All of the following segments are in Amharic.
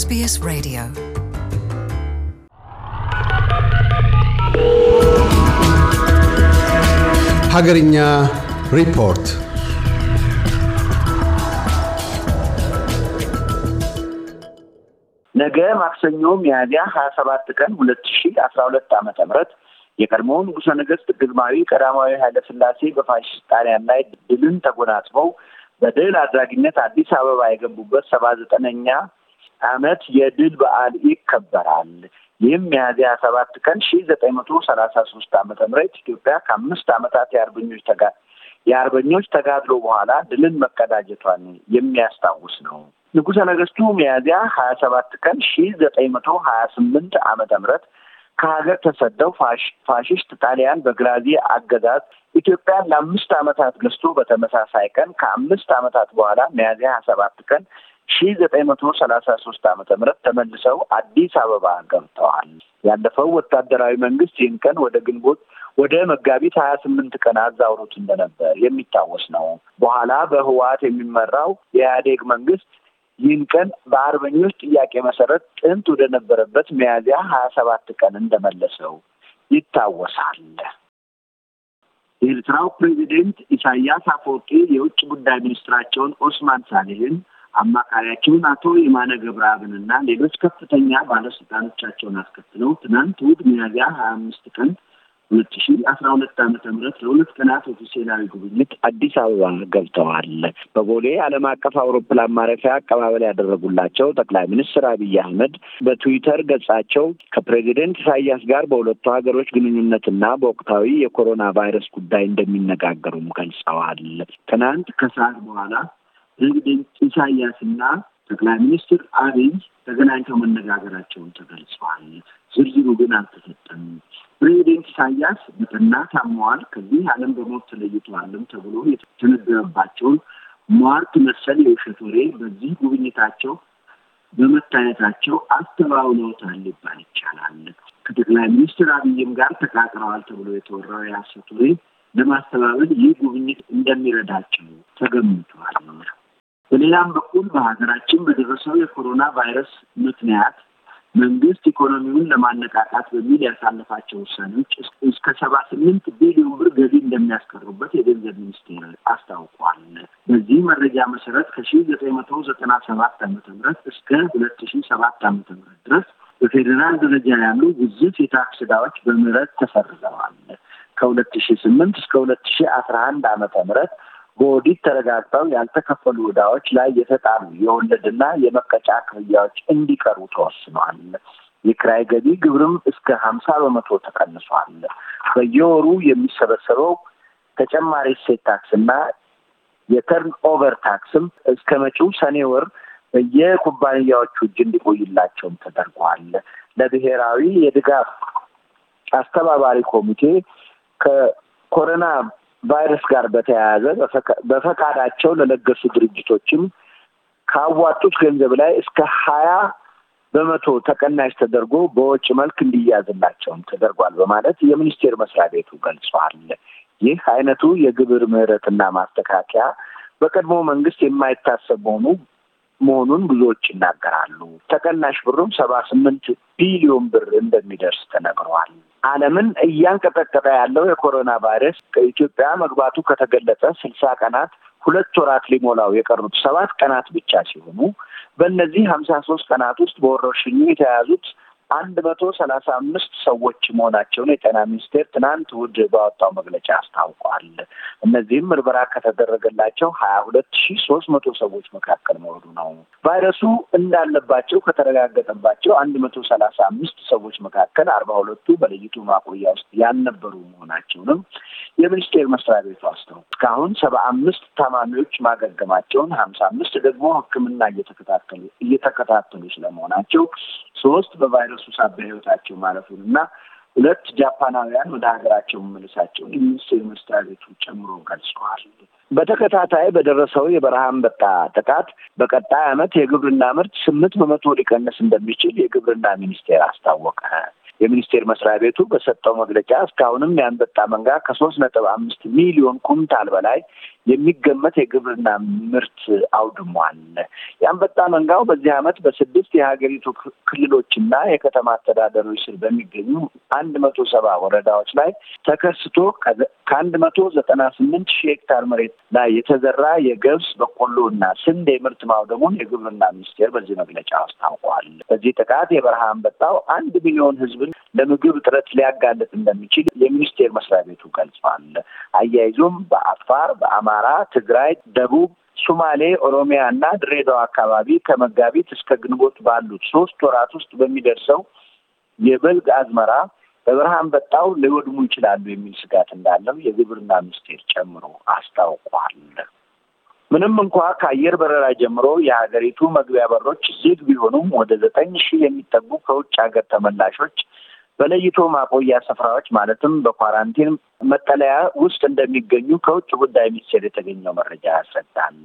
SBS Radio. ሀገርኛ ሪፖርት ነገ ማክሰኞ ሚያዝያ ሀያ ሰባት ቀን ሁለት ሺ አስራ ሁለት ዓመተ ምህረት የቀድሞው ንጉሠ ነገሥት ግርማዊ ቀዳማዊ ኃይለ ሥላሴ በፋሽስት ጣሊያን ላይ ድልን ተጎናጽፈው በድል አድራጊነት አዲስ አበባ የገቡበት ሰባ ዘጠነኛ አመት የድል በዓል ይከበራል። ይህም ሚያዝያ ሰባት ቀን ሺ ዘጠኝ መቶ ሰላሳ ሶስት አመተ ምህረት ኢትዮጵያ ከአምስት አመታት የአርበኞች ተጋ የአርበኞች ተጋድሎ በኋላ ድልን መቀዳጀቷን የሚያስታውስ ነው። ንጉሠ ነገሥቱ ሚያዝያ ሀያ ሰባት ቀን ሺ ዘጠኝ መቶ ሀያ ስምንት አመተ ምህረት ከሀገር ተሰደው ፋሽስት ጣሊያን በግራዚ አገዛዝ ኢትዮጵያን ለአምስት አመታት ገዝቶ በተመሳሳይ ቀን ከአምስት አመታት በኋላ ሚያዝያ ሀያ ሰባት ቀን ሺ ዘጠኝ መቶ ሰላሳ ሶስት አመተ ምህረት ተመልሰው አዲስ አበባ ገብተዋል። ያለፈው ወታደራዊ መንግስት ይህን ቀን ወደ ግንቦት ወደ መጋቢት ሀያ ስምንት ቀን አዛውሮት እንደነበር የሚታወስ ነው። በኋላ በህወሓት የሚመራው የኢህአዴግ መንግስት ይህን ቀን በአርበኞች ጥያቄ መሰረት ጥንት ወደ ነበረበት ሚያዝያ ሀያ ሰባት ቀን እንደመለሰው ይታወሳል። የኤርትራው ፕሬዚደንት ኢሳያስ አፈወርቂ የውጭ ጉዳይ ሚኒስትራቸውን ኦስማን ሳሌህን አማካሪያቸውን አቶ የማነ ገብረአብንና ሌሎች ከፍተኛ ባለስልጣኖቻቸውን አስከትለው ትናንት እሑድ ሚያዝያ ሀያ አምስት ቀን ሁለት ሺ አስራ ሁለት ዓመተ ምህረት ለሁለት ቀናት ኦፊሴላዊ ጉብኝት አዲስ አበባ ገብተዋል። በቦሌ ዓለም አቀፍ አውሮፕላን ማረፊያ አቀባበል ያደረጉላቸው ጠቅላይ ሚኒስትር አብይ አህመድ በትዊተር ገጻቸው ከፕሬዚደንት ኢሳያስ ጋር በሁለቱ ሀገሮች ግንኙነትና በወቅታዊ የኮሮና ቫይረስ ጉዳይ እንደሚነጋገሩም ገልጸዋል። ትናንት ከሰዓት በኋላ ፕሬዚደንት ኢሳያስና ጠቅላይ ሚኒስትር አብይ ተገናኝተው መነጋገራቸውን ተገልጿል። ዝርዝሩ ግን አልተሰጠም። ፕሬዚደንት ኢሳያስ በጠና ታመዋል፣ ከዚህ ዓለም በሞት ተለይተዋልም ተብሎ የተነገረባቸውን ሟርት መሰል የውሸት ወሬ በዚህ ጉብኝታቸው በመታየታቸው አስተባብለውታል ሊባል ይቻላል። ከጠቅላይ ሚኒስትር አብይም ጋር ተቃቅረዋል ተብሎ የተወራው የሐሰት ወሬ ለማስተባበል ይህ ጉብኝት እንደሚረዳቸው ተገምቷል። በሌላም በኩል በሀገራችን በደረሰው የኮሮና ቫይረስ ምክንያት መንግስት ኢኮኖሚውን ለማነቃቃት በሚል ያሳለፋቸው ውሳኔዎች እስከ ሰባ ስምንት ቢሊዮን ብር ገቢ እንደሚያስቀሩበት የገንዘብ ሚኒስቴር አስታውቋል። በዚህ መረጃ መሰረት ከሺ ዘጠኝ መቶ ዘጠና ሰባት ዓመተ ምህረት እስከ ሁለት ሺ ሰባት ዓመተ ምህረት ድረስ በፌዴራል ደረጃ ያሉ ግዙፍ የታክስ ዕዳዎች በምህረት ተሰርዘዋል። ከሁለት ሺ ስምንት እስከ ሁለት ሺ አስራ አንድ ዓመተ ምህረት በኦዲት ተረጋግጠው ያልተከፈሉ ዕዳዎች ላይ የተጣሉ የወለድና የመቀጫ ክፍያዎች እንዲቀሩ ተወስኗል። የክራይ ገቢ ግብርም እስከ ሀምሳ በመቶ ተቀንሷል። በየወሩ የሚሰበሰበው ተጨማሪ እሴት ታክስና የተርን ኦቨር ታክስም እስከ መጪው ሰኔ ወር በየኩባንያዎቹ እጅ እንዲቆይላቸውም ተደርጓል። ለብሔራዊ የድጋፍ አስተባባሪ ኮሚቴ ከኮሮና ቫይረስ ጋር በተያያዘ በፈቃዳቸው ለለገሱ ድርጅቶችም ካዋጡት ገንዘብ ላይ እስከ ሀያ በመቶ ተቀናሽ ተደርጎ በውጭ መልክ እንዲያዝላቸውም ተደርጓል በማለት የሚኒስቴር መስሪያ ቤቱ ገልጿል። ይህ አይነቱ የግብር ምህረትና ማስተካከያ በቀድሞ መንግስት የማይታሰብ መሆኑ መሆኑን ብዙዎች ይናገራሉ። ተቀናሽ ብሩም ሰባ ስምንት ቢሊዮን ብር እንደሚደርስ ተነግሯል። ዓለምን እያንቀጠቀጠ ያለው የኮሮና ቫይረስ ከኢትዮጵያ መግባቱ ከተገለጸ ስልሳ ቀናት ሁለት ወራት ሊሞላው የቀሩት ሰባት ቀናት ብቻ ሲሆኑ በእነዚህ ሀምሳ ሶስት ቀናት ውስጥ በወረርሽኙ የተያዙት አንድ መቶ ሰላሳ አምስት ሰዎች መሆናቸውን የጤና ሚኒስቴር ትናንት እሑድ ባወጣው መግለጫ አስታውቋል። እነዚህም ምርመራ ከተደረገላቸው ሀያ ሁለት ሺህ ሶስት መቶ ሰዎች መካከል መሆኑ ነው። ቫይረሱ እንዳለባቸው ከተረጋገጠባቸው አንድ መቶ ሰላሳ አምስት ሰዎች መካከል አርባ ሁለቱ በለይቱ ማቆያ ውስጥ ያልነበሩ መሆናቸውንም የሚኒስቴር መስሪያ ቤቱ አስታውቋል። እስካሁን ሰባ አምስት ታማሚዎች ማገገማቸውን ሀምሳ አምስት ደግሞ ሕክምና እየተከታተሉ እየተከታተሉ ስለመሆናቸው ሶስት በቫይረሱ ሳቢያ ህይወታቸው ማለፉን እና ሁለት ጃፓናውያን ወደ ሀገራቸው መመለሳቸውን የሚኒስቴር መስሪያ ቤቱ ጨምሮ ገልጸዋል። በተከታታይ በደረሰው የበረሃ አንበጣ ጥቃት በቀጣይ ዓመት የግብርና ምርት ስምንት በመቶ ሊቀንስ እንደሚችል የግብርና ሚኒስቴር አስታወቀ። የሚኒስቴር መስሪያ ቤቱ በሰጠው መግለጫ እስካሁንም የአንበጣ መንጋ ከሶስት ነጥብ አምስት ሚሊዮን ኩንታል በላይ የሚገመት የግብርና ምርት አውድሟል። የአንበጣ መንጋው በዚህ ዓመት በስድስት የሀገሪቱ ክልሎችና የከተማ አስተዳደሮች ስር በሚገኙ አንድ መቶ ሰባ ወረዳዎች ላይ ተከስቶ ከአንድ መቶ ዘጠና ስምንት ሺህ ሄክታር መሬት ላይ የተዘራ የገብስ በቆሎ እና ስንዴ ምርት ማውደሙን የግብርና ሚኒስቴር በዚህ መግለጫ አስታውቋል። በዚህ ጥቃት የበረሃ አንበጣው አንድ ሚሊዮን ህዝብን ለምግብ እጥረት ሊያጋልጥ እንደሚችል የሚኒስቴር መስሪያ ቤቱ ገልጿል። አያይዞም በአፋር፣ በአማራ፣ ትግራይ፣ ደቡብ ሱማሌ፣ ኦሮሚያ እና ድሬዳዋ አካባቢ ከመጋቢት እስከ ግንቦት ባሉት ሶስት ወራት ውስጥ በሚደርሰው የበልግ አዝመራ በበረሃ አንበጣው ሊወድሙ ይችላሉ የሚል ስጋት እንዳለው የግብርና ሚኒስቴር ጨምሮ አስታውቋል። ምንም እንኳ ከአየር በረራ ጀምሮ የሀገሪቱ መግቢያ በሮች ዝግ ቢሆኑም ወደ ዘጠኝ ሺህ የሚጠጉ ከውጭ ሀገር ተመላሾች በለይቶ ማቆያ ስፍራዎች ማለትም በኳራንቲን መጠለያ ውስጥ እንደሚገኙ ከውጭ ጉዳይ ሚኒስቴር የተገኘው መረጃ ያስረዳል።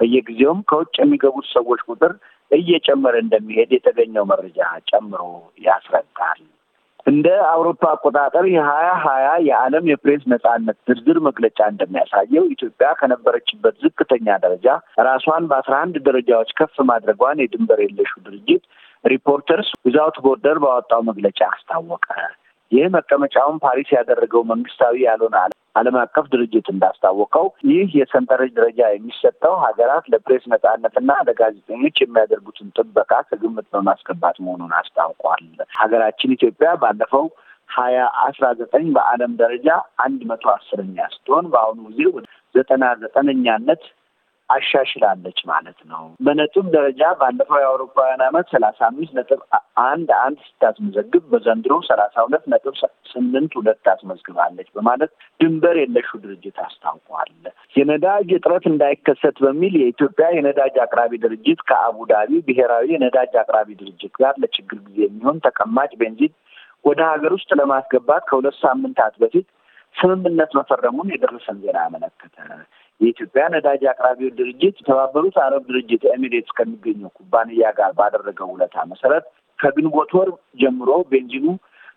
በየጊዜውም ከውጭ የሚገቡት ሰዎች ቁጥር እየጨመረ እንደሚሄድ የተገኘው መረጃ ጨምሮ ያስረዳል። እንደ አውሮፓ አቆጣጠር የሀያ ሀያ የዓለም የፕሬስ ነጻነት ዝርዝር መግለጫ እንደሚያሳየው ኢትዮጵያ ከነበረችበት ዝቅተኛ ደረጃ ራሷን በአስራ አንድ ደረጃዎች ከፍ ማድረጓን የድንበር የለሹ ድርጅት ሪፖርተርስ ዊዛውት ቦርደር ባወጣው መግለጫ አስታወቀ። ይህ መቀመጫውን ፓሪስ ያደረገው መንግስታዊ ያልሆነ ዓለም አቀፍ ድርጅት እንዳስታወቀው ይህ የሰንጠረዥ ደረጃ የሚሰጠው ሀገራት ለፕሬስ ነጻነትና ለጋዜጠኞች የሚያደርጉትን ጥበቃ ከግምት በማስገባት መሆኑን አስታውቋል። ሀገራችን ኢትዮጵያ ባለፈው ሀያ አስራ ዘጠኝ በዓለም ደረጃ አንድ መቶ አስረኛ ስትሆን በአሁኑ ጊዜ ዘጠና ዘጠነኛነት አሻሽላለች ማለት ነው። በነጥብ ደረጃ ባለፈው የአውሮፓውያን ዓመት ሰላሳ አምስት ነጥብ አንድ አንድ ስታስመዘግብ በዘንድሮ ሰላሳ ሁለት ነጥብ ስምንት ሁለት አስመዝግባለች በማለት ድንበር የለሹ ድርጅት አስታውቋል። የነዳጅ እጥረት እንዳይከሰት በሚል የኢትዮጵያ የነዳጅ አቅራቢ ድርጅት ከአቡዳቢ ብሔራዊ የነዳጅ አቅራቢ ድርጅት ጋር ለችግር ጊዜ የሚሆን ተቀማጭ ቤንዚን ወደ ሀገር ውስጥ ለማስገባት ከሁለት ሳምንታት በፊት ስምምነት መፈረሙን የደረሰን ዜና ያመለከተ የኢትዮጵያ ነዳጅ አቅራቢውን ድርጅት የተባበሩት አረብ ድርጅት ኤሚሬትስ ከሚገኘው ኩባንያ ጋር ባደረገው ውለታ መሰረት ከግንቦት ወር ጀምሮ ቤንዚኑ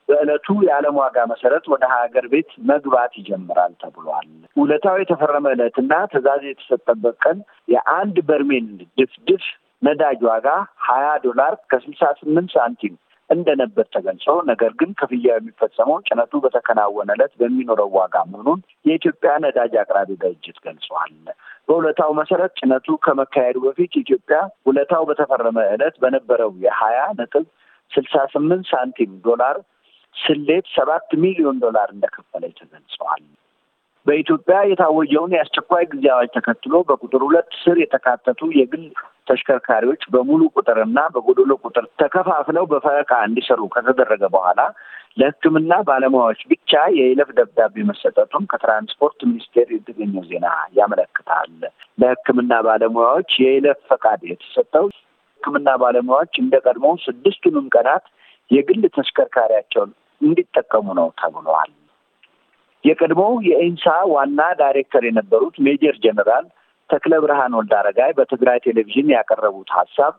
በዕለቱ የዓለም ዋጋ መሰረት ወደ ሀገር ቤት መግባት ይጀምራል ተብሏል። ውለታው የተፈረመ እለትና ትዕዛዝ የተሰጠበት ቀን የአንድ በርሜል ድፍድፍ ነዳጅ ዋጋ ሀያ ዶላር ከስልሳ ስምንት ሳንቲም እንደነበር ተገልጾ ነገር ግን ክፍያ የሚፈጸመው ጭነቱ በተከናወነ ዕለት በሚኖረው ዋጋ መሆኑን የኢትዮጵያ ነዳጅ አቅራቢ ድርጅት ገልጿል። በውለታው መሰረት ጭነቱ ከመካሄዱ በፊት ኢትዮጵያ ውለታው በተፈረመ ዕለት በነበረው የሀያ ነጥብ ስልሳ ስምንት ሳንቲም ዶላር ስሌት ሰባት ሚሊዮን ዶላር እንደከፈለች ተገልጸዋል። በኢትዮጵያ የታወጀውን የአስቸኳይ ጊዜ አዋጅ ተከትሎ በቁጥር ሁለት ስር የተካተቱ የግል ተሽከርካሪዎች በሙሉ ቁጥርና በጎደሎ ቁጥር ተከፋፍለው በፈረቃ እንዲሰሩ ከተደረገ በኋላ ለሕክምና ባለሙያዎች ብቻ የይለፍ ደብዳቤ መሰጠቱን ከትራንስፖርት ሚኒስቴር የተገኘው ዜና ያመለክታል። ለሕክምና ባለሙያዎች የይለፍ ፈቃድ የተሰጠው ሕክምና ባለሙያዎች እንደ ቀድሞ ስድስቱንም ቀናት የግል ተሽከርካሪያቸውን እንዲጠቀሙ ነው ተብሏል። የቀድሞው የኢንሳ ዋና ዳይሬክተር የነበሩት ሜጀር ጀነራል ተክለ ብርሃን ወልድ አረጋይ በትግራይ ቴሌቪዥን ያቀረቡት ሀሳብ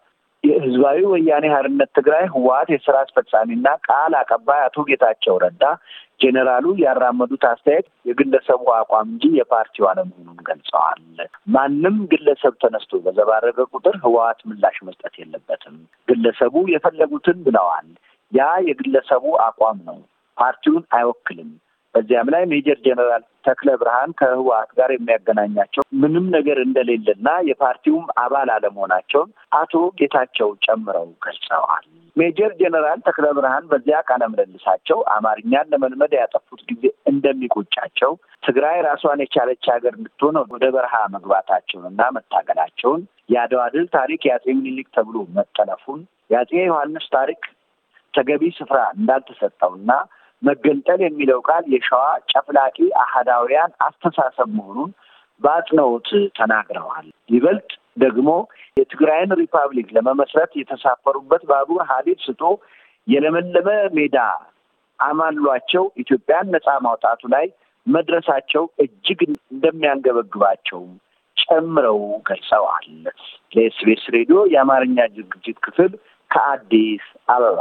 የህዝባዊ ወያኔ ሀርነት ትግራይ ህወሀት የስራ አስፈጻሚና ቃል አቀባይ አቶ ጌታቸው ረዳ ጄኔራሉ ያራመዱት አስተያየት የግለሰቡ አቋም እንጂ የፓርቲው አለመሆኑን ገልጸዋል። ማንም ግለሰብ ተነስቶ በዘባረገ ቁጥር ህወሀት ምላሽ መስጠት የለበትም። ግለሰቡ የፈለጉትን ብለዋል። ያ የግለሰቡ አቋም ነው፣ ፓርቲውን አይወክልም። በዚያም ላይ ሜጀር ጀነራል ተክለ ብርሃን ከህወሀት ጋር የሚያገናኛቸው ምንም ነገር እንደሌለና የፓርቲውም አባል አለመሆናቸውን አቶ ጌታቸው ጨምረው ገልጸዋል። ሜጀር ጀነራል ተክለ ብርሃን በዚያ ቃለ ምልልሳቸው አማርኛን ለመልመድ ያጠፉት ጊዜ እንደሚቆጫቸው፣ ትግራይ ራሷን የቻለች ሀገር እንድትሆነ ወደ በረሃ መግባታቸውንና መታገላቸውን፣ የአድዋ ድል ታሪክ የአጼ ምኒልክ ተብሎ መጠለፉን፣ የአጼ ዮሐንስ ታሪክ ተገቢ ስፍራ እንዳልተሰጠውና መገንጠል የሚለው ቃል የሸዋ ጨፍላቂ አህዳውያን አስተሳሰብ መሆኑን በአጽንኦት ተናግረዋል። ይበልጥ ደግሞ የትግራይን ሪፐብሊክ ለመመስረት የተሳፈሩበት ባቡር ሐዲድ ስቶ የለመለመ ሜዳ አማሏቸው ኢትዮጵያን ነፃ ማውጣቱ ላይ መድረሳቸው እጅግ እንደሚያንገበግባቸው ጨምረው ገልጸዋል። ለኤስቢኤስ ሬዲዮ የአማርኛ ዝግጅት ክፍል ከአዲስ አበባ